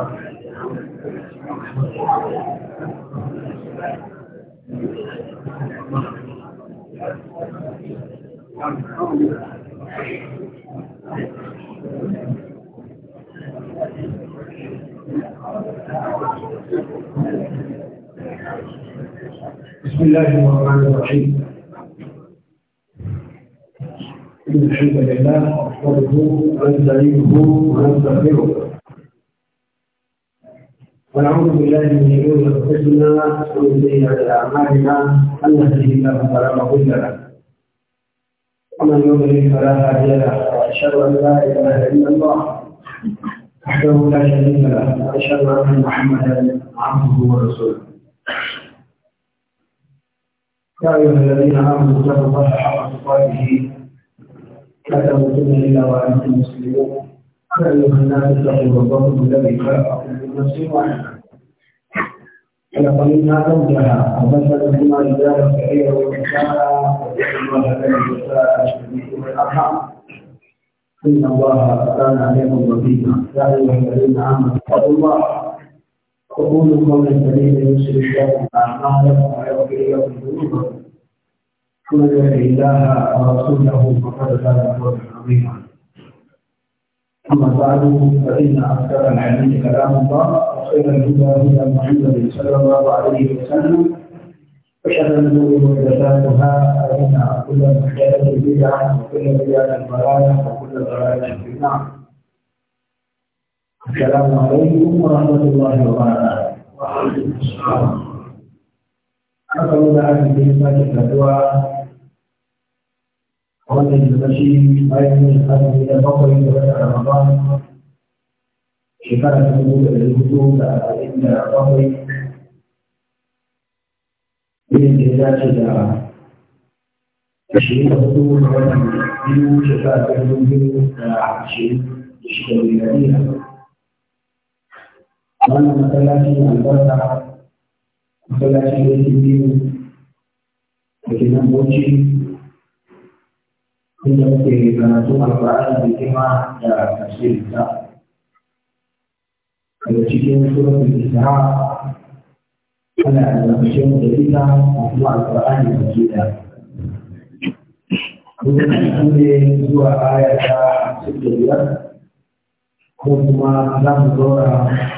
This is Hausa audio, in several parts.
بسم الله الرحمن الرحيم إن الحمد لله نحمده ونستعينه ونستغفره ونعوذ بالله من شرور انفسنا ومن سيئات اعمالنا ان يهده الله فلا مضل له ومن يضلل فلا هادي له واشهد ان لا اله الا الله وحده لا شريك له واشهد ان محمدا عبده ورسوله يا ايها الذين امنوا اتقوا الله حق تقاته لا تموتن الا وانتم مسلمون يا أيها الناس اتقوا ربكم الذي خلقكم من نفس واحدة خلق منها زوجها وبث منهما رجالا كثير ونساء واتقوا الله الذي تساءلون به والأرحام إن الله كان عليكم رقيبا يا أيها الذين آمنوا اتقوا الله وقولوا قولا سديدا يصلح لكم أعمالكم ويغفر لكم ذنوبكم ومن يطع الله ورسوله فقد فاز فوزا عظيما أما بعد فإن أكثر الحديث كلام الله وخير الهدى هدى محمد صلى الله عليه وسلم وشر الأمور محدثاتها فإن كل محدثة بدعة وكل بدعة ضلالة وكل ضلالة في النار السلام عليكم ورحمة الله وبركاته وعليكم السلام أسأل الله أن يجزاك الدعاء wannan yammaci bayan yin sami da bakwai da wata ramadan shekara ta dubu da dubu da arba'in da bakwai irin da ya dace da ashirin da hudu da watan biyu shekara ta dubu biyu da ke inda muke karatu alƙur'ani da kima da tafsirinsa daga cikin suratul isra ana alƙarshe da ita a kuma alƙur'ani da ke da kuma ne zuwa aya ta hamsin da biyar ko kuma za mu zaura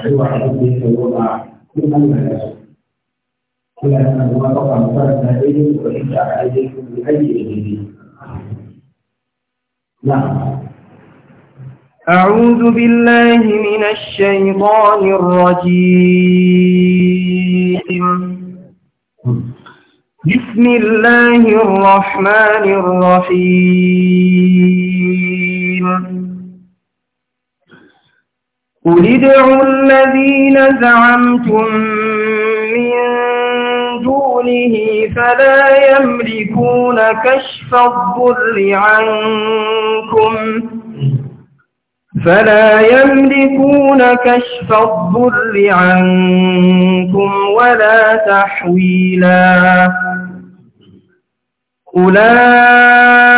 zuwa abin da ya tsaro ba kun Allah ya so. da kuma ko inda aka daidai ko aiki نعم أعوذ بالله من الشيطان الرجيم بسم الله الرحمن الرحيم قل ادعوا الذين زعمتم من دونه فلا يملكون كشف الضر عنكم فلا يملكون كشف الضر عنكم ولا تحويلا أولئك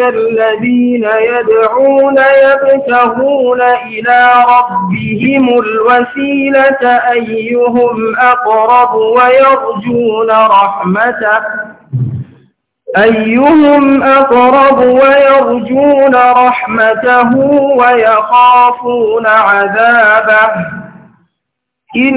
الذين يدعون يبتغون إلى ربهم الوسيلة أيهم أقرب ويرجون رحمته أيهم أقرب ويرجون رحمته ويخافون عذابه إن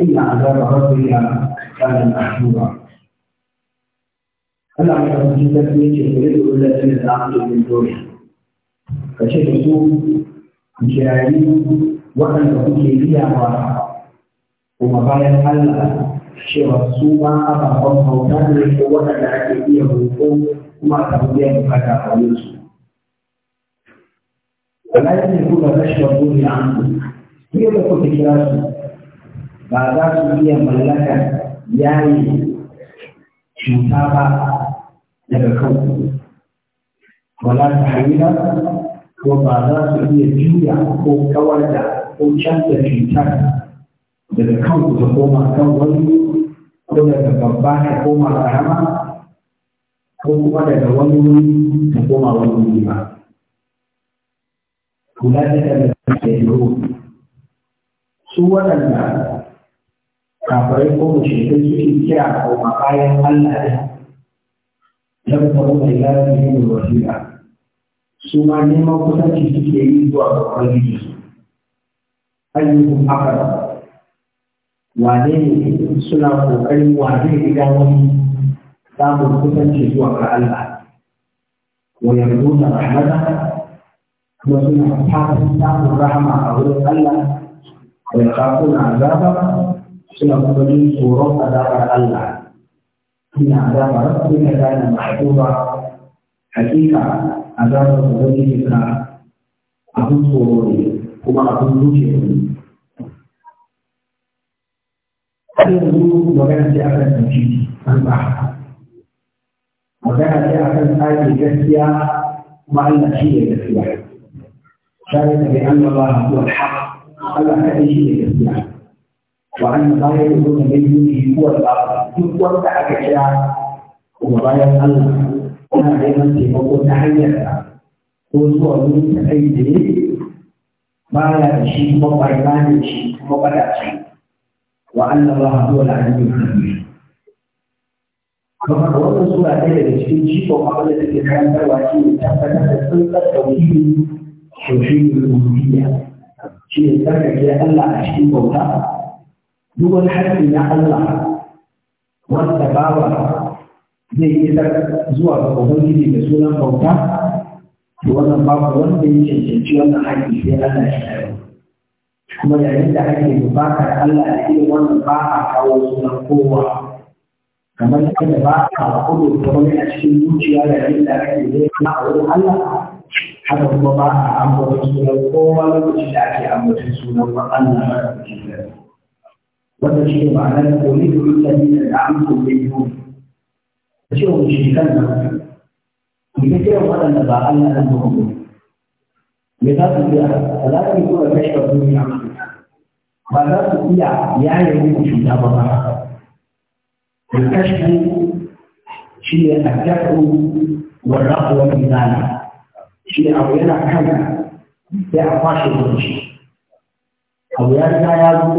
إن عذاب ربها كان محجورا هل عندهم جدا أن جبريل ولا في العقل من دونها فشكتوا من شرائعهم وأن تكون كيفية مرحبا وما قال هل شيخ السوما أبا قصه تدري قوة العقلية والقوم وما تقول يا مفاتا قليل ولا يجب أن يكون بشر طولي عنه هي لكم تكراسي ba za su iya mallakar yayi cuta ba daga kanku wala su hanyar ko ba za su iya juya ko kawar da ko canza cutar daga kanku ta koma kan wani ko daga babba ta koma karama ko kuma daga wani wuri ta koma wani wuri ba. Kula da da su waɗanda kafirai ko mushrikai suke kira ma bayan Allah ɗin dan ta mai ilahi ne wasila su ma neman kusanci suke yi zuwa ga ubangiji ayyukum akara wane ne suna ƙoƙarin wane ne ga wani samun kusanci zuwa ga Allah wa na rahmata kuma suna fatan samun rahama a wurin Allah wa yakhafuna azaba suna kuma jin tsoron azabar Allah ina azabar rabbika kana mahduba hakika azabar ubangiji ka abin tsoro ne kuma abin zuke ne har yanzu magana ce akan tafiti an ba magana ce akan tsari gaskiya kuma Allah shi ne gaskiya shayar da bai an Allah huwa al-haq Allah kaɗai shi ne gaskiya وأن لا يكون من دونه هو الآخر wanda aka kira kuma bayan Allah ana neman taimako ta hanyar sa ko zuwa wurin ta kai da ne ba ya da shi kuma barna ne shi kuma bada shi wa Allah ba haɗu wala an yi hannu kamar wannan sura ɗaya daga cikin cikon abin da take karantarwa shi ne tabbatar da Allah a cikin bauta duk wani haƙƙi na Allah wanda bawa zai isar zuwa ga Ubangiji da sunan bauta to wannan babu wanda ya cancanci wannan haƙƙi sai Allah ya tsaya kuma yayin da ake buƙatar Allah da irin wannan ba a kawo sunan kowa kamar yadda ba a kudu ta wani a cikin zuciya da yayin da ake zai kuma a wurin Allah haka kuma ba a ambaton sunan kowa lokacin da ake ambaton sunan Allah ba a cikin وتشير على اريد الذين اعمتم منهم تشير مشركان يفكر ان على انهم لذلك فلا يكون كشف الدنيا عملها ولا تطيع يعني وجودها بطرها الكشف شيء الدفع والرقوة في ذلك شيء أو يلعب كذا يعطى شيء أو يلعب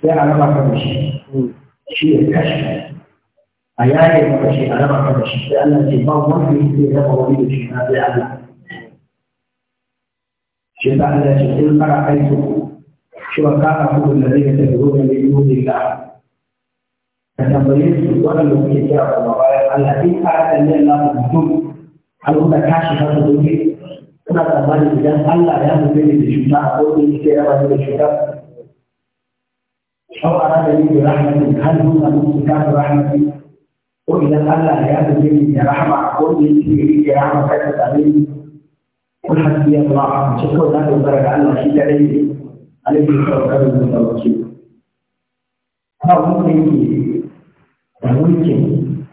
sai a raba ka da shi shi ya kashe a yayin maka shi a raba ka da shi sai Allah ce ba wanda yake raba wani da shi na sai Allah shi ta Allah ce in fara aiki shi ba ka abu da zai ta duro da yi yi da ka tambaye su waɗanda kuke kira ba bayan Allah in ka da ne na mutum al'umma ta shi ta duro kuna tsammanin idan Allah ya mutu da cuta a kodin yake raba da cuta أو أراد لي برحمة هل هم ممسكات رحمتي وإذا الله يا أبني برحمة أقول لي تجري برحمة كانت عليه قل حسبي الله شكرا لك وبارك الله فيك عليه عليه الصلاة والسلام ba wanda yake da mulkin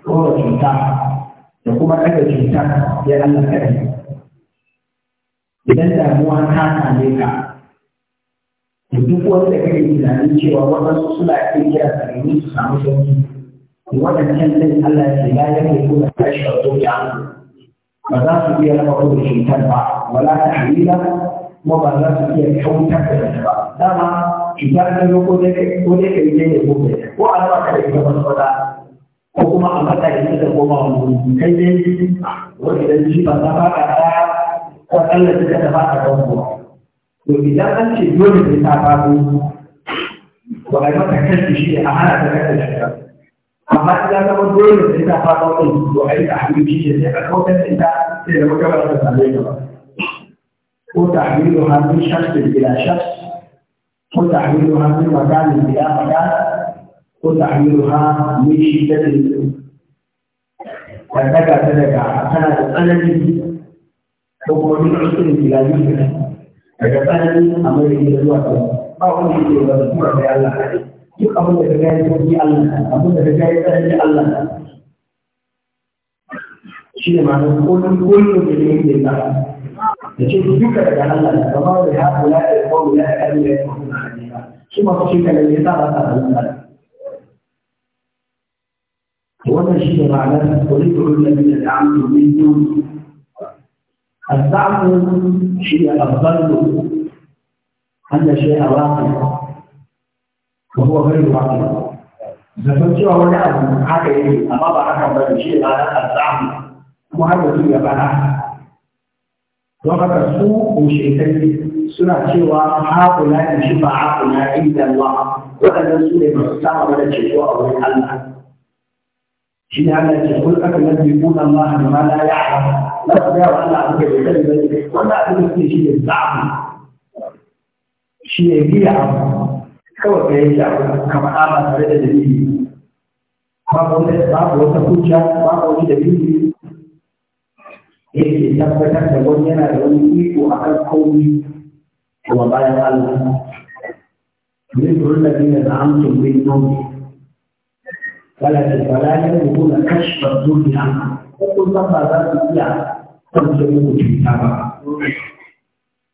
kowa cuta da kuma kada cuta ya Allah kadai idan damuwa ta same ka duk wanda kake tunanin cewa waɗansu suna iya kira yi su samu sauki waɗancan ɗin Allah ce ya yake kuna tashi ya zoja ba za su iya raba ku da cutar ba wala ta halila kuma ba za su iya kyautar da ta ba dama cutar ta yi ko dai ka yi ne ya gobe ko a raba ka da ita wani wata ko kuma a mata da ita wa wani kai dai wani idan ji ba za ka ɗaya ko Allah ta ta ba kan ɗan to idan an ce dole sai ta faɗo ba a yi mata kashi shi a hana ta kasa shari'a amma idan zama dole sai ta faɗo ɗin to a yi ta hannu shi sai a kautar da ita sai da muka ta same ta ba ko ta hannu hannun shafin gida shaf ko ta hannu hannun maganin gida magana ko ta hannu hannun shi ta da daga ta daga tana da tsanani ko kuma duk usulin gida yusuf daga tsananin amurka da zuwa tsaro ba wanda yake ba da kuma sai Allah kare duk abin da ka gaya sauki Allah abin da ka gaya tsanani Allah shi ne ma'anar kullum kullum da ke yake da da ce duka daga Allah ne ba da ya kula da ya kula da ya kula da ya ya shi ma shi kana ne sa ba ta Allah wannan shi ne ma'anar kullu da ne da الزعم شيء الظن أن شيء واقع وهو غير واقع zaton cewa wani abu haka yake amma ba haka ba shi ba na azamu kuma har da ya bana don haka su mushrikai suna cewa haƙula in shi ba haƙula inda Allah waɗannan su ne masu samu mana ceto a aka da za su gaya wa Allah abin da bai sani ba ne wanda abin da suke shi ne zamu shi ne biya kawai ka yi shafi ka faɗa ba tare da dalili babu wata babu wata hujja babu wani dalili yake tabbatar da wani yana da wani iko a kan komi kuma bayan Allah من da الذين زعمتم منهم فلا فلا يملكون كشف الدنيا وقل ما kan su cuta ba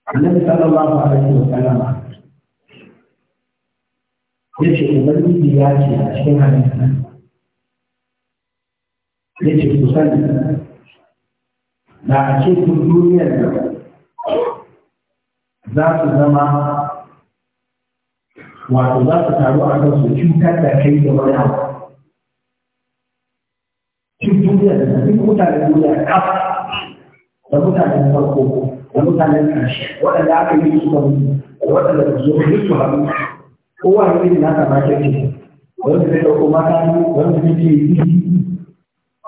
annabi sallallahu alaihi wa ya ce ubangiji ya ce a cikin hadisi ya ce ku sani da a ce kun duniyar da za su zama wato za su taru a kan su cutar da kai da wani abu cikin duniya da duk mutanen duniya kaf da mutanen farko da mutanen ƙarshe waɗanda aka yi su mutu waɗanda ba su yi su hannu kowa ya yi nasa mata ce wanda zai ɗauko mata ne wanda zai ce yi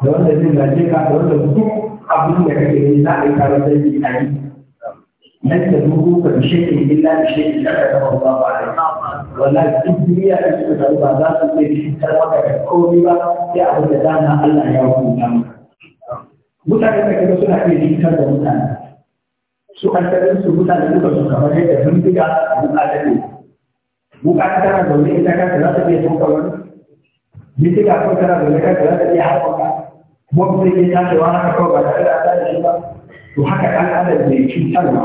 da wanda zai zaje ka da wanda duk abin da kake yi za a yi tare da yi a yi nan da dubu ka bishe ke illa ke da ba ba da wallahi duk duniya da suka taru ba za su iya fitar maka da komai ba sai abin da dama Allah ya hukunta maka mutane da kaga suna iya rikitar da mutane su asalin su mutane duka su kamar yadda mun diga a bukata ne bukata tana zaune ita kanta za ta iya tuka wani bindiga ko tana zaune kanta za ta iya haɓaka kuma kuma zai iya haka kawai ba tare da ta da shi ba to haka ɗan adam mai cutarwa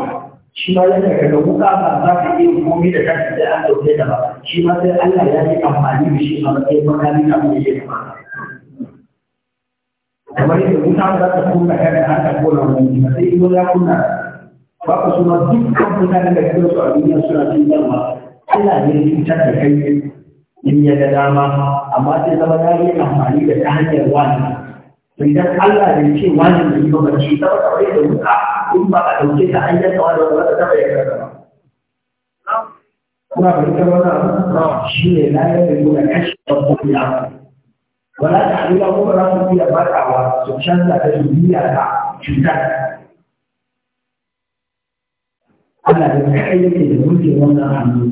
shi ma yadda ka ga wuka ba za ka iya komi da kanka sai an ɗauke ta ba shi ma sai Allah ya yi amfani da shi a matsayin makami a da ya kamata ولكن مش عارف تكون مكان هل تكون او مش يقول لا كنا فقط نصدق مثلا بكتير سعودية سنتين يلا ألا يجب شكل حي in ya ga dama amma sai zama ya yi amfani da ta hanyar wani to idan Allah bai ce wani da yi ba shi ta ba da wuka in ba a dauke ta hanyar ta wani wanda ta bai yarda ba kuma bai ta wani shi ne na yadda nuna kashi da kuma wala ta hanyar kuma za su iya matsawa su canza ta duniya ta cutar ana da kai yake da mulkin wannan hannu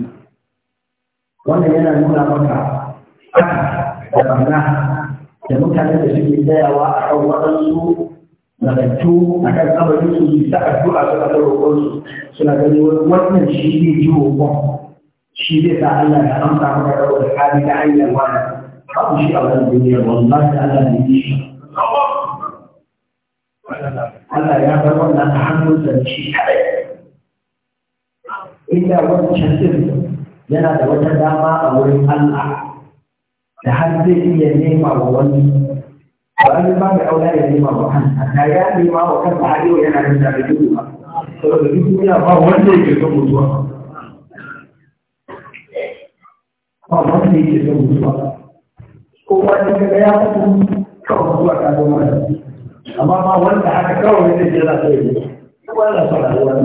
wannan yana nuna maka da barna da mutanen da suke tsayawa a kan waɗansu nagartu a kan kabarin su yi ta addu'a su a roƙonsu suna gani wannan shi ne jiwo shi zai sa Allah ya amsa maka da hali ta hanyar wannan babu shi a wannan duniya wallahi Allah ne yi shi Allah ya bar wannan a hannun sa shi kadai inda wancan din yana da wata dama a wurin Allah da har zai iya nema wa wani ba an ba mai aula ya nema wa kansa da ya nema wa kansa har yau yana nan da duk ba saboda duk duniya ba wanda yake son mutuwa ba wanda yake son mutuwa ko wani daga ya fito kawai zuwa kago mana amma ma wanda haka kawai ne zai zai yi kuma yana son rayuwa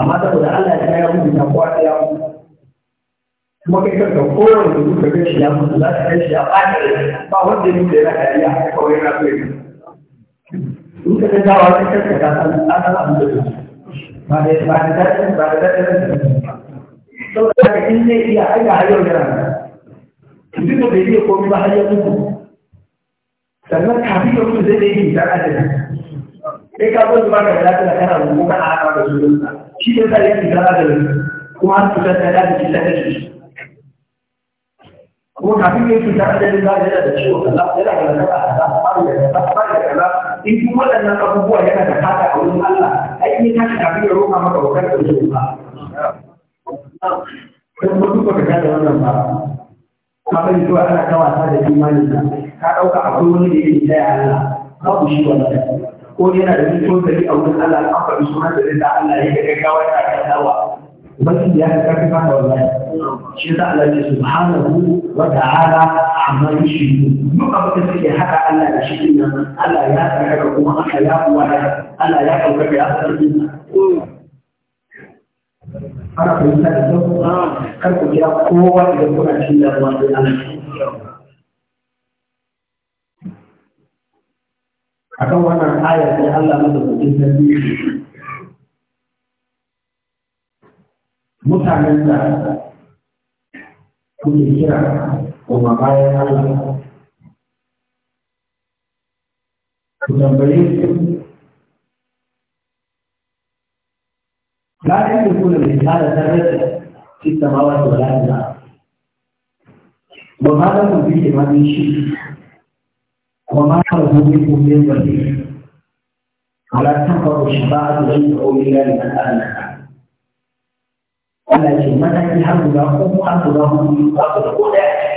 amma saboda Allah ya ya mutu na kwa ya kuma kai kanka kowane da duka kai shi ya mutu za ka kai shi ya bata ba wanda ya mutu yana kariya haka kawai yana so in ka ta dawa sai kanka ta san an san abin da ba da ba da daɗin ba da daɗin saboda haka in zai iya aika har yau yana duk da bai iya komi ba har ya mutu sannan kafin ya mutu zai da yake dan adam ka zo zuwa ga lafiya kana rubu kana haka da shi ne sai yake da adam kuma an tuka da da shi da shi kuma kafin ya yi da adam za ya da ciwo kaza yana da kaza kaza ba ya da ba ya kaza in duk waɗannan abubuwa yana da fata a wurin Allah ai ne ka kafin ya roƙa maka wakar da zuwa ba kuma duk ka da wannan ba kafin cewa ana ta wasa da imanin ka ka ɗauka akwai wani da yake taya Allah babu shi wannan ko yana da mutuwar gari a wurin Allah an faɗi sunan da zai da Allah ya ga gawa yana kallawa ubangiji ya ga karfi ba da wallahi shi yasa Allah ya subhanahu wa ta'ala amma yushriku duk abin da suke haka Allah da shi din nan Allah ya tsara kuma Allah ya kuwa Allah ya kauka ya tsara ana fahimta da kyau kar ku kira kowa idan kuna cin damuwa don Allah akan wannan ayar ne Allah mata kudin sarki mutanen da kuke kira kuma bayan Allah ku tambaye su لا يملكون الإنسان ذرة في السماوات ولا في الأرض وما لكم به من شيء وما له به من ولي ولا تنفع الشفاعة غير أولياء لمن آمن ولكن من mataki har guda uku har guda hudu har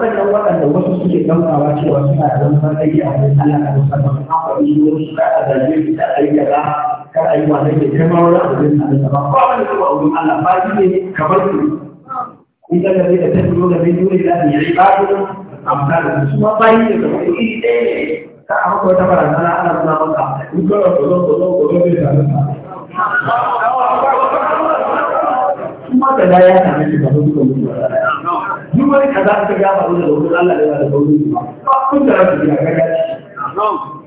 waɗannan waɗanda wasu suke ɗaukawa cewa suna da wani matsayi a wurin Allah a musamman a wani wurin su ka a zarge su da ayyuka ba kar a yi wa nake kai ma wani abu zai sami ba ba wani kuma wurin Allah ba shi ne kamar su in ka gabe da ta biyo da bai dole da yi babu amma da su ma bayi ne kamar iri ɗaya ne ka a haka wata barazana ana suna maka in ka rabu zo ko zai sami ba. Kuma da ya sami shi ba su suka mutu ba duk wani kaza ka ga faru da wurin Allah ne ba da wurin ba kun da rabu ya ga gaci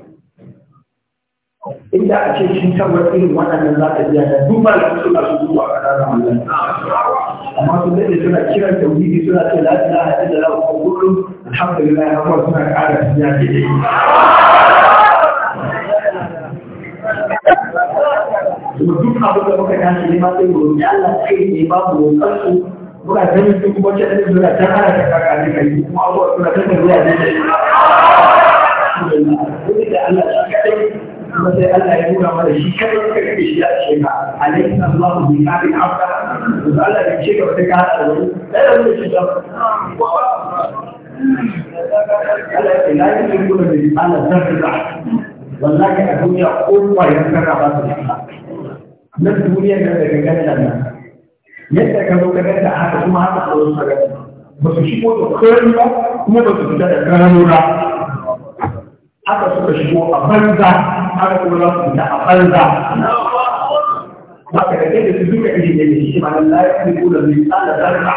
inda a ce shi tabbar irin waɗannan za ka biya da duk ba da suna su zuwa a ƙasar Allah amma su zai suna kiran tauhidi suna ce la ilaha illallah wa kullum alhamdulillah ya kuma suna ƙara biya ke dai kuma duk abin da muka tashi ne ma sai mu roƙi Allah sai ne babu roƙar su kuna ta yi kuma wacce ɗaya zuwa ta hana ta kaka ne kai kuma abuwa suna ta da zuwa ne da Allah shi kaɗai kuma sai Allah ya nuna mana shi kaɗai ka kake shi a cikin ka alaihi sallahu bi kafin afka da Allah ya ce ka wata ka hada da wani ɗaya da shi ta Allah ya ce na yi cikin kuma da Allah zan rika wallahi a duniya kowa ya sarrafa su ne na duniya da daga ganin nan yadda ka zo ka ganta haka kuma haka tsoron ka ganta ba su shigo da kari ba kuma ba su fita da kano ba haka suka shigo a banza haka kuma za su fita a banza haka da kai da su duka iri da shi ma nan lafiya ne ko da zai tsada zarra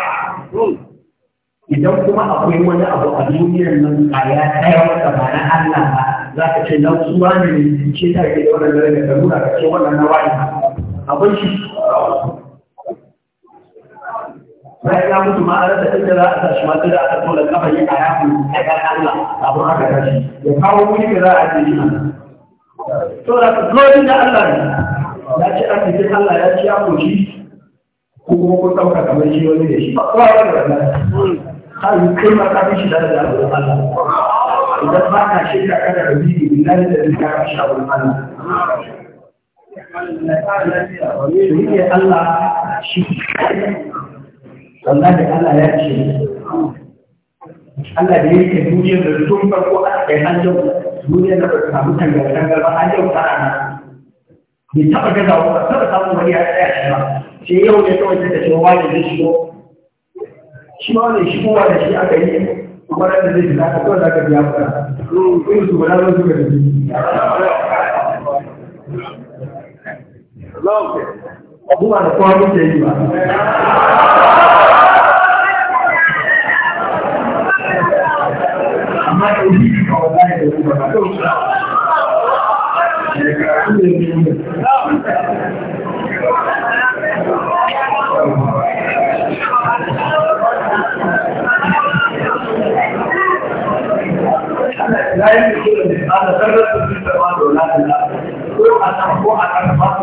idan kuma akwai wani abu a duniyar nan kaya ɗaya wata ba na Allah ba za ka ce na suwa ne ce ta ke da wannan zarafi da nuna ka ce wannan na wani abin shi bayan ya mutu ma a rasa inda za a tashi ma sai da aka tola kafa yi a yaku a kan Allah abin haka kashi ya kawo wuri da za a ce shi nan to da ka zo da Allah ne ya ce aka ce Allah ya ci ya koshi ko kuma kun ɗauka kamar shi wani da shi ba kowa wani da Allah har kai ma ka fi shi da da Allah idan ba ka shirka kada da bibi billahi da zika ka sha wani Allah Shi ne Allah shi sannan da Allah ya ce Allah da yake duniyar da tun farko a kai an yau duniyar da ba ta samu tangar ba an yau ta na bai taɓa gaza ba ba taɓa samun wani ya tsaya shi ba sai yau ne kawai ta tafi wani shi ko, shi ma wani shigowa da shi aka yi kuma ran da zai shiga ka kawai za ka biya kuɗa irin su ba na zo su ga da ọ̀bùnmá ni fún ọdún tẹ́yìn wá. Àmá ebi ọ̀gá ẹ̀rọ ìgbàgbà tó ń ṣe kára ń lè fi ẹ̀mẹ̀. láìpẹ́ tó lè fi ọ̀gá ẹ̀rọ ìgbàgbà tó ń ṣe kára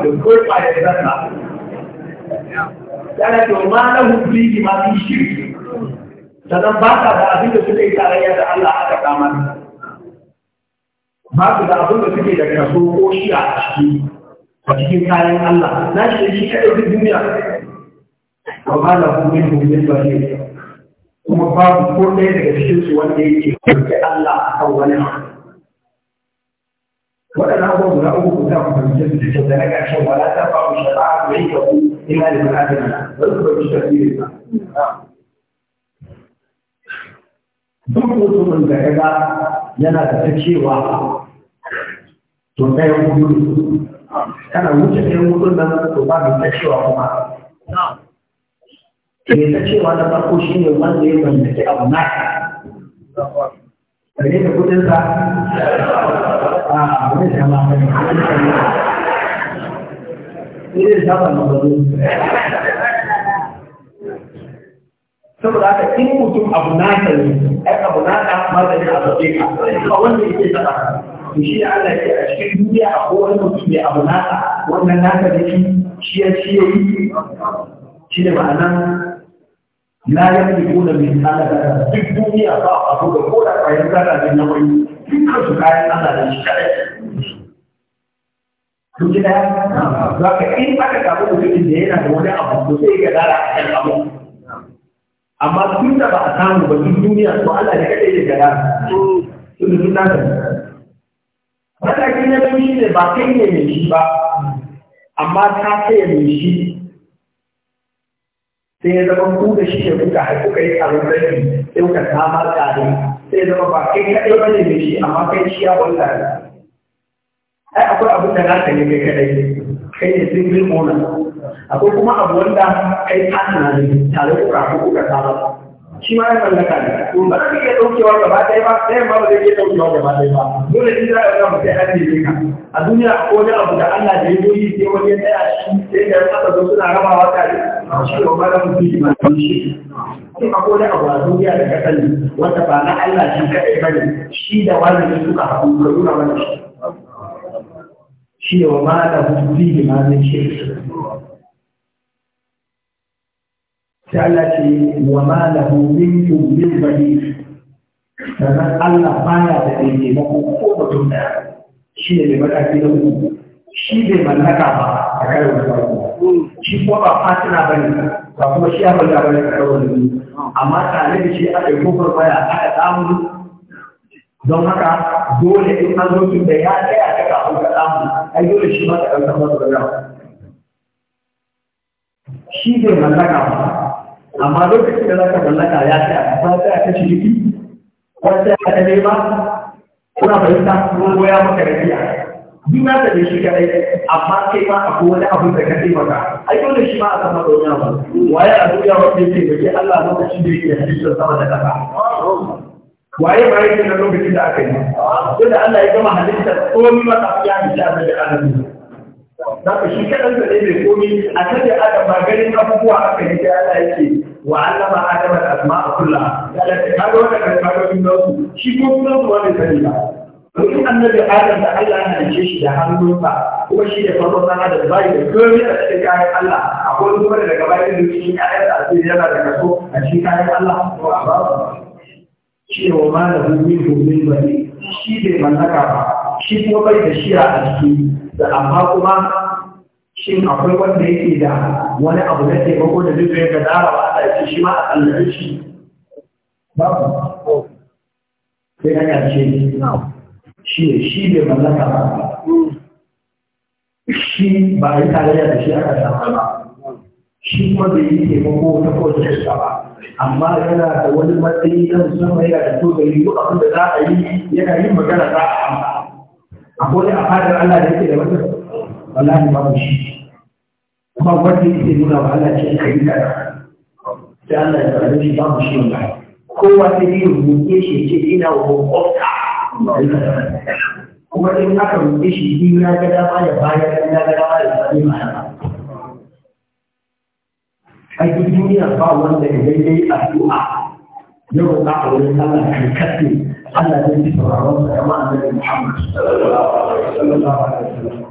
ń lè fi ẹ̀mẹ̀. yana ke ma na hukuri ma fi shirki sannan ba sa da abin da suke yi tarayya da Allah aka kama ba su da abin da suke da kaso ko shi a ciki a cikin kayan Allah na shi da shi kaɗai duk duniya ba ba na hukumin ba ne kuma babu ko ɗaya daga cikin su wanda yake kwanke Allah a kan wani waɗannan abubuwa guda uku ku za ku da su da kyau da na ƙarshen wala ta faru shafa'a mai kyau إلا لمن آدم duk mutumin da ya yana da ta cewa to ɗaya hudu kana wuce ɗaya hudu nan to ba mai ta cewa kuma ke ta cewa na farko shi ne wanda ya mallaki abu na ka ne da kudinsa a wani jama'a ne irin saba na ba saboda haka in mutum abu na ta ne ai abu na ta maganin a zaɓe ka ba wanda yake taɓa ka to shi da Allah ke a cikin duniya a kowane mutum mai abu na ta wannan na ta ne shi ya ci ya yi shi ne ma'anan لا يملكون من هذا في الدنيا ضعف أبو بكر فيزال من نوعي فكرة كائن هذا الشيء kuji daya za ka in aka samu mutumin da yana da wani abu to sai ga dara a kan abu amma tun da ba a samu ba duk duniya to Allah ne kadai ya gara to to duk nan mataki na biyu ne ba kai ne mai shi ba amma ta kai mai shi sai ya zama ku da shi ne kuka haifu kai a rubutun sai kuka samar tare sai ya zama ba kai kadai ba ne mai shi amma kai shi ya wanda ai akwai abin da ka ne kai kadai kai ne single owner akwai kuma abu wanda kai partner ne tare da rafu ku kasa ba shi ma ya mallaka ne to ba ka iya daukewa gaba ɗaya ba sai ma ba zai iya daukewa gaba ɗaya ba dole in za ka ga mutum ya ne ka a duniya akwai wani abu da Allah da ya zo yi sai wani ya tsaya shi sai da aka zo suna A tare shi ne ba da mutum ma shi sai akwai wani abu a duniya da ka sani wanda ba na Allah shi kadai ne shi da wani suka haɗu ka nuna mana shi shi wa ma da hukuri da ma zai ce sai Allah ce wa ma da hukuri min bani sannan Allah ya da ɗai taimako ko mutum ɗaya shi ne mai mataki na uku shi bai mallaka ba a karo na farko shi kuma ba fatina ba ne ba kuma shi ya mallaka ba ne a karo wani amma tare da shi aka yi kofar ya aka samu don haka dole in an zo tun da ya tsaya samu ka samu ai dole shi ma ka ɗan samu da zama shi ne mallaka amma lokacin da zaka mallaka ya ce a kasa sai a kashe jiki ko ta a ta nema kuna fahimta ko goya maka rabiya ni na ta shi kadai amma kai ma akwai wani abu da ka taimaka ai dole shi ma a sama da wani abu waye a duniya wanda yake da Allah lokacin da yake da shi sama da kasa waye ma yake na lokacin da aka yi da Allah ya gama halitta komi maka ya fi da annabi Adam Zaka shi kaɗan da ne mai komi a kan Adam ba ganin abubuwa aka yi da Allah yake wa allama Adam al-asma kulla Allah ta kawo da kalmomin da su shi ko kuma su wani sani ba Mutum annabi Adam da Allah ya halice shi da hannunsa kuma shi ne farko sana da bai da komi a cikin kayan Allah akwai kuma daga bayan da shi ya da asiri yana da kaso a cikin kayan Allah cewa ma da hulmin shi ne ba shi bai da shi a jiki da amma kuma shin akwai wanda yake da wani abu na a shi ma a shi ne shi bai mallaka shi ba yi tarayya da shi aka samu ba shi kuma bai yi taimako ta kowace shi ba amma yana da wani matsayi na musamman yana da to da yiwu abin da za a yi yana yin magana za a amsa akwai a fadar Allah da yake da wata wallahi ba shi kuma wanda yake nuna wa Allah ce ka yi kaza sai Allah ya tsare shi ba shi wallahi kowa sai yi rubuce shi ce ina wa makwabta kuma in aka rubuce shi biyu na ga dama ya bayar na ga dama ya bayar a duniya ba wanda ya daidai addu'a ya roƙa a wurin Allah kan kaɗe Allah zai ji sauraron sa kama annabi Muhammad sallallahu alaihi wasallam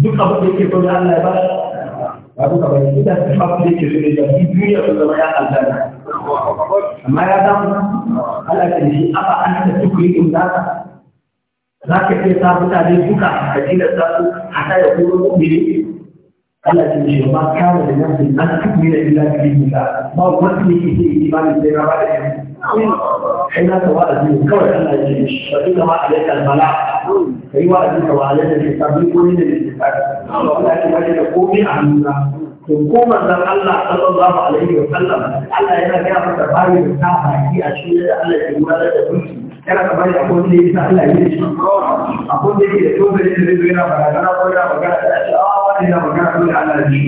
duk abin da yake fara Allah ya ba ba duka ba yake da tafafu da yake fara da duniya ta zama ya aljanna amma ya samu Allah ya shi aba an ta tukuri in za ka za ka iya sa mutane duka a tilasta su hata ya kuma mu'mini Allah ce shi ba ka da nafsi an tukmila illa bi mika ba wanda yake ce imani sai na ba da yanzu kai na tawa da zuwa kawai Allah ce shi ba duka ma alaika albala kai wa azuka wa alaika shi sabbi ko ne da shi ba Allah ce ba da komai a hannuna to ko manzon Allah sallallahu alaihi wa sallam Allah yana ga masa bari da ta baki a shi da Allah ya gudanar da mulki yana kamar da akwai wanda ya sa Allah ya yi shi akwai wanda yake da tobe da zai zo yana magana ko yana magana da shi ina magana da ana ji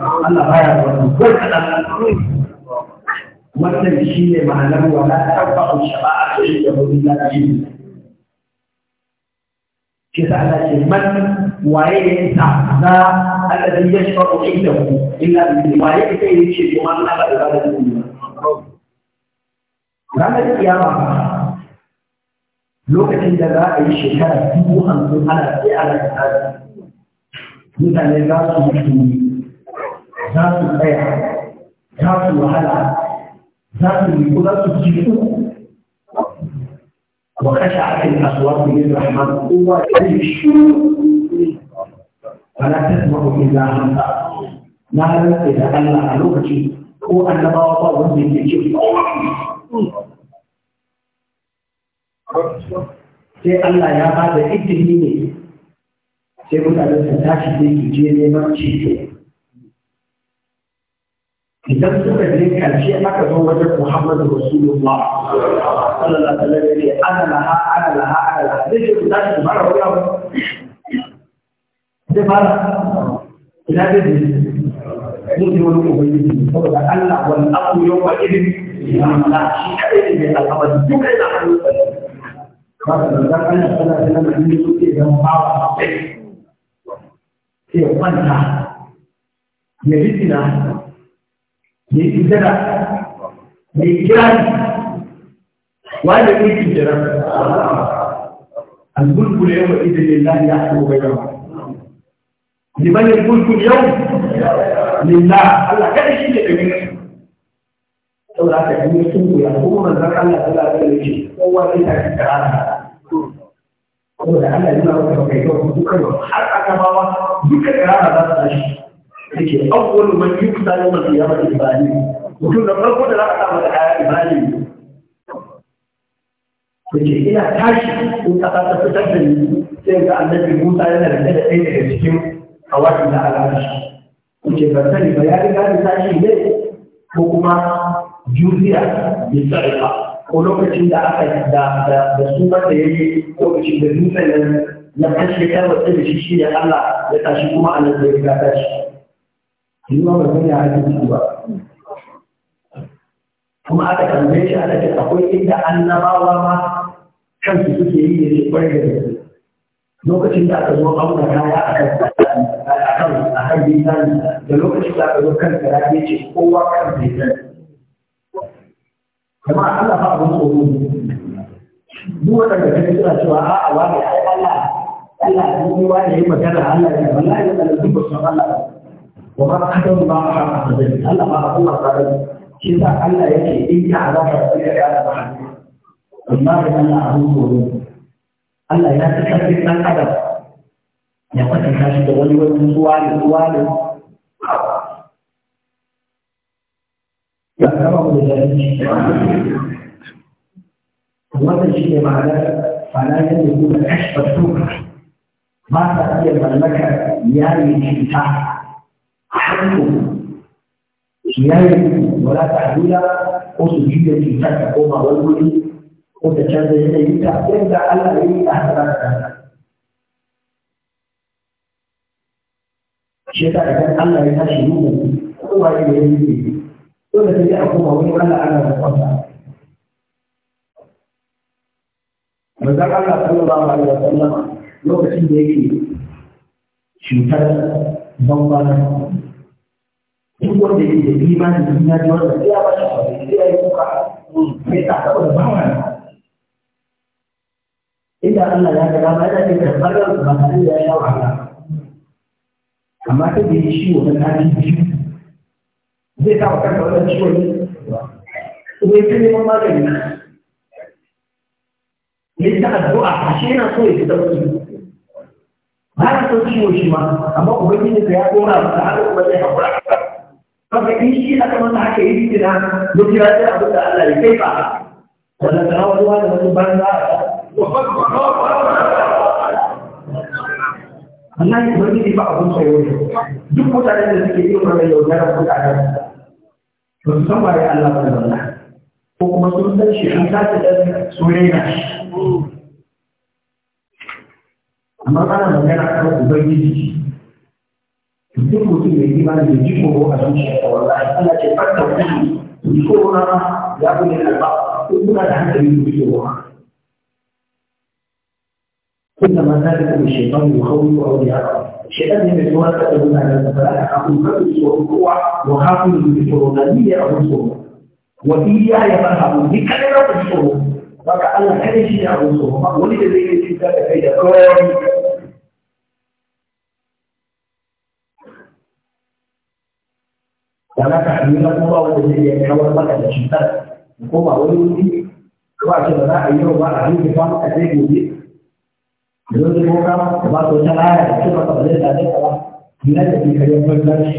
Allah baya wannan ko kadan wannan shi ne ma'anar wala tabba'u shafa'a shi da wani lafiya shi da Allah ce man waye ne ya isa ko alladhi yashfa'u indahu illa bihi waye ke kai shi kuma Allah ba da zalunci ranar kiyama lokacin da za a yi shekara dubu hamsin ana sai ana tsari mutane za su mutu za su tsaya za su wahala za su yi za su jiku wa kasha akan aswatu min rahman kowa ya yi shiru fala tasma'u a hanta na rantsa da Allah a lokaci ko annabawa ba wanda yake ce sai Allah ya ba da ne sai mutanen ta tashi sai su je neman ceto idan suka je karshe aka zo wajen muhammadu rasulullah sallallahu alaihi wa sallam ana laha ana laha ana laha zai ce ku tashi ku fara wuya zai fara ina zai je mun ji wani ubangiji saboda Allah wani abu yau ba irin na shi kaɗai ne mai alhamari duka yana hannun sa ba ka da zan Allah sallallahu alaihi wa sallam ne suke zama bawa a kai ya kwanta ya yi zina ya yi zina ya yi kira wanda ya yi kira الملك اليوم إذن لله يحكم بينهم لمن الملك اليوم لله الله كان شيء يبين saboda haka in yi sun ya ko manzon Allah ta la ta yake kowa sai ta kira Allah saboda Allah yana maka kai to dukkan har aka bawa duka kirara za ta tashi yake awwalu man yukta yawm al-qiyamati ibadi mutum da farko da za a samu da kaya ibadi yake ina tashi in ka ta fitar da ni sai ga annabi Musa yana da ɗaya daga cikin kawai da alaƙa yake ban sani ba ya riga da tashi ne ko kuma juriya bi sarfa ko lokacin da aka da da su wanda yayi lokacin da dutsen na kashi ya tabbatar da shi shi ne Allah ya tashi kuma a nan zai riga tashi shi ma ba zai haka ciki ba kuma aka tambaye shi aka ce akwai inda annabawa ma kansu suke yi ne shi kwarai da gaske lokacin da aka zo auna kaya a kan a kan bizani da lokacin da aka zo kan kaya ce kowa kan bizani kuma Allah ba abin tsoro ne duk wanda ka suna cewa a'a wani Allah ya yi wani yi magana Allah ya wallahi da kalbi ba san Allah wa ba ka da ba ha ka da Allah ba Allah ta da shi sa Allah yake in ka azaba ka ya da ba amma da Allah abu ko Allah ya ta karbi dan adam ya kwatanta shi da wani wani suwa ne suwa ne ya kama mu da jahilci wannan shi ne ma'anar fala yadda kuma ashfar tuka ba sa iya mallakar yayin cuta a hannu su yayin wala ta dula ko su juya cuta ta koma wani wuri ko ta canza yanayin ta yadda Allah ya yi a hasara da kanta. Shi ta idan Allah ya tashi ruhu kowa ya yi yi ne a koma wani ana da kwanta. Allah sallallahu alaihi wa lokacin da yake cutar bambana duk wanda yake da imanin duniya ji wanda ya ba shi abu sai ya yi kuka sai ta taɓa da bawa inda Allah ya gaba ba ya ce da karɓar su ba tare da ya sha wahala amma ta da yi ciwo na tafi biyu zai sa wa kanka wannan ciwon ne fi neman magani ne ta addu'a ashe yana so ya fi wasu ba ya so ciwo shi ma amma ubangiji ka ya dora masa haka kuma zai haƙura haka in shi aka masa haka yi fitina, ya kira sai abin da Allah ya kai ba wanda ta hawa zuwa da wani banza Allah ya ubangiji ba abin tsoro ne duk mutanen da suke yin wannan yaudarar mutanen ba su san ba ya Allah ba da ko kuma sun san shi an sace da su rena shi amma ana magana kan ubangiji duk mutum mai imani da ji ko a zuciyarsa wallahi Allah ce farka kuɗi ji koro na ya fi ne alba ko kuna da hankali ku ji koro kun da mata da kuma shekaru da hauru a wuri haka shekaru ne mai tsohon da ɗaukar da ta fara a kan su tsoron kowa wa hafin da ji koro na ni ya a wuri wa iya ya fara hafu ni kaɗai na ku ji baka Allah kada shi ne abin amma wani da zai yi cuta da kai da kawai da ka hannu kuma ba wanda zai yi kawar maka da cuta, ko ba wani wuri ba ce ba za a yi yau ba a yi kifa maka sai gobe da zai zai ko kama ba su wata laya da kuma ba zai tsaye ka ba ni na tafi kariyar farkar shi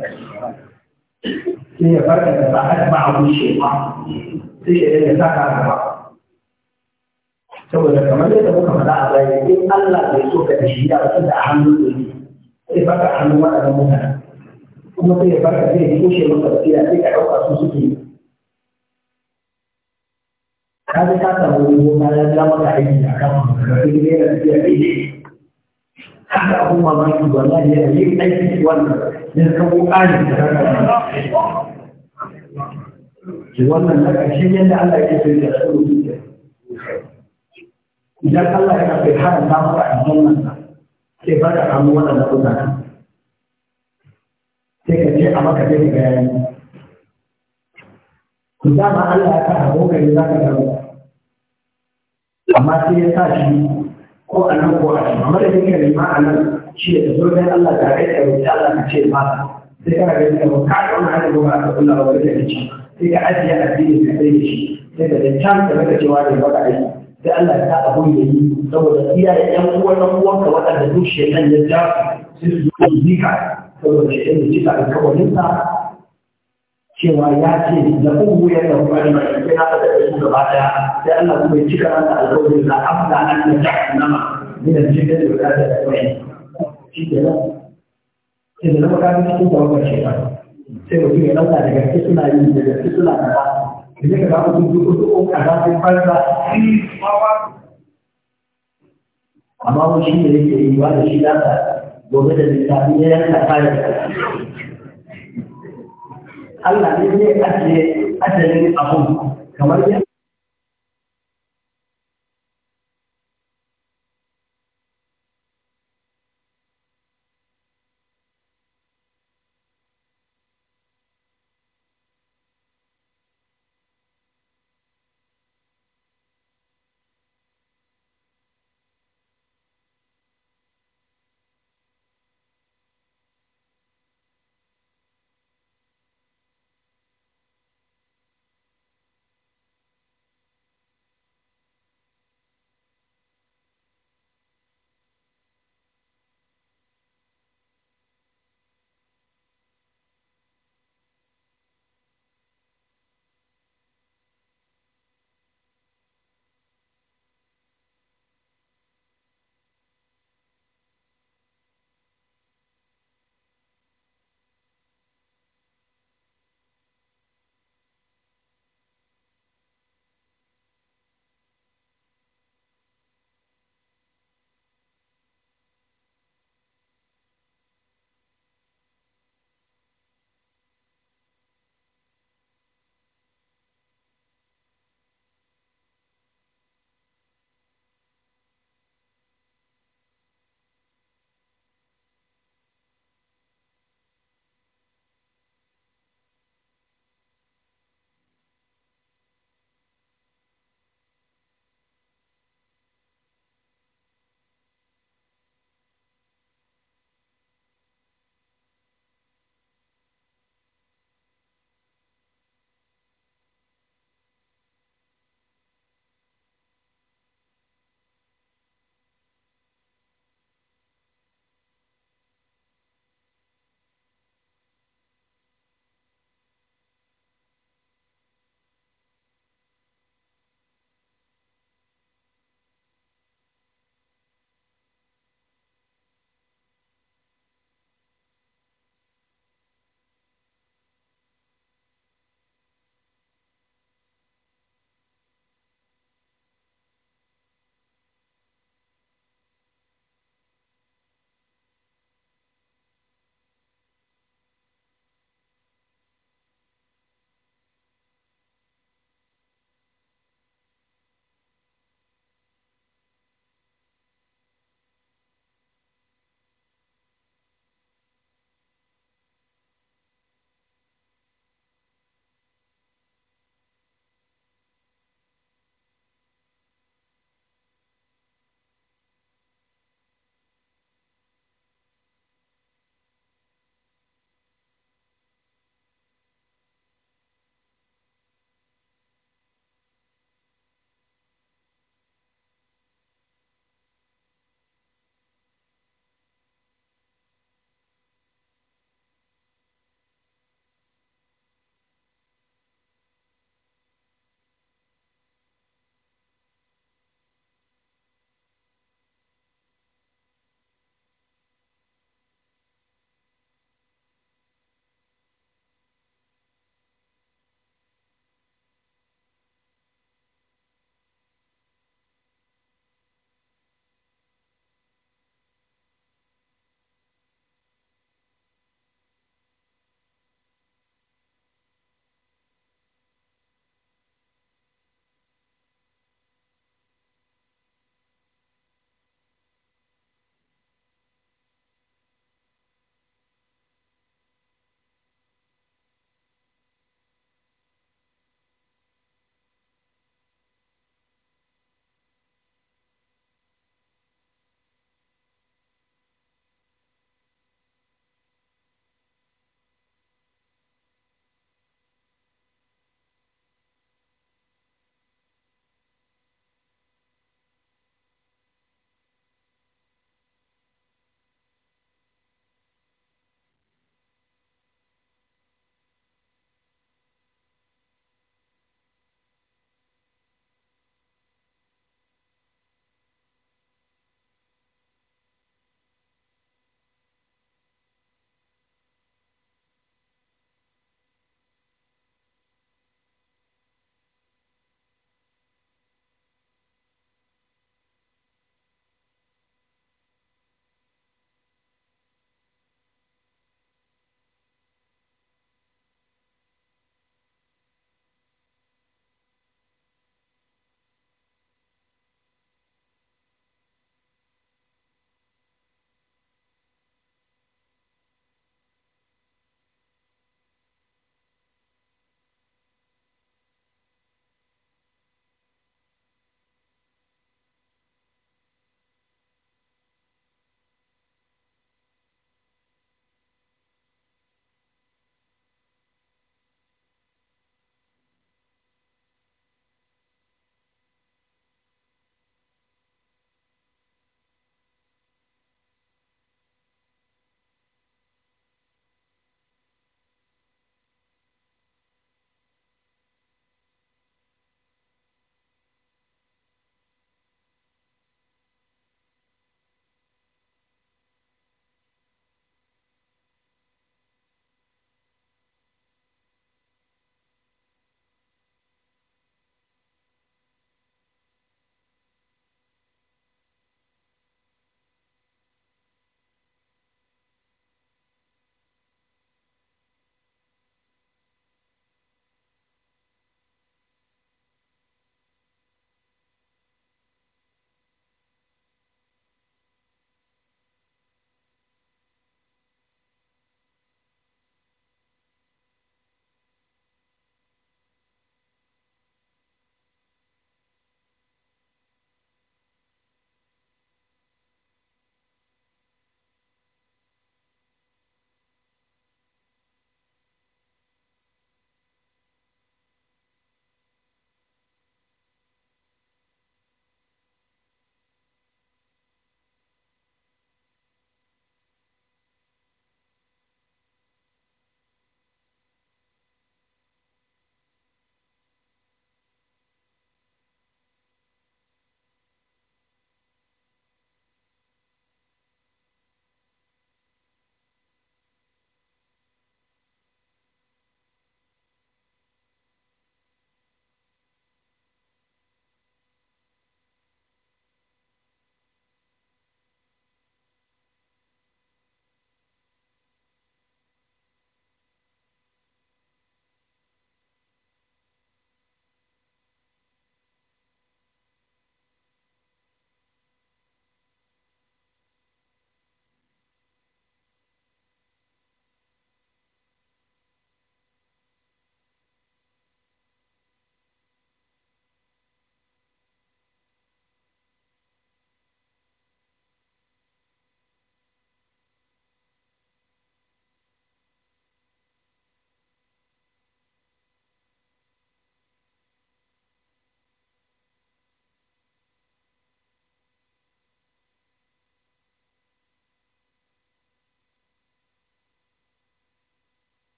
sai ya farka da sa'ad ba a gushe ba sai ya yi saka ba saboda kamar yadda muka faɗa a baya in Allah bai so ka tashi da wasu da a hannun doki sai farka a hannun waɗannan mutane kuma sai ya farka sai ya gushe maka basira sai ka ɗauka su suke yi ka ji ka samu ruwa ya ja maka aiki a kan ka fi ne da tafiya daidai haka abun mamaki wallahi yana yin aiki wannan da kan ƙoƙarin da to wannan na ƙarshe yadda Allah ya ce da su rubuta idan Allah ya bai haramta maka a wannan sai ba ka samu na kuka sai ka ce a maka zai ga yayi ku dama Allah ya ka abokan za ka gaba amma sai ya sa shi ko a nan ko a shi amma da yake nema a nan shi da zo dai Allah ta kai ka Allah ka ce ma sai ka ga ka ka wannan hali ba ka kula ba da ke ci sai ka ajiye addini ka sai da shi daga da can ka raka cewa da baka aiki sai Allah ya sa abun ya yi saboda iyaye ƴan uwan ɗan uwanka waɗanda duk shekan ya ja su su yi zika saboda shekan da cika ta cewa ya ce da ugu ya da kuma da mai sai na faɗa da su gaba ɗaya sai Allah kuma ya cika masa alkawarinsa amsa an da jahannama min al-jinni da da da shi ke nan ke da na cikin da wannan shekaru sai mutum ya ɗauka da gaske suna yi da gaske suna kaza da ne ka ga mutum duk wasu ko kaza sun farza amma wani shi ne yake yi wa da shi za ka gobe da littafi ne yanka kayan Allah ne zai ajiye ajalin abun kamar yadda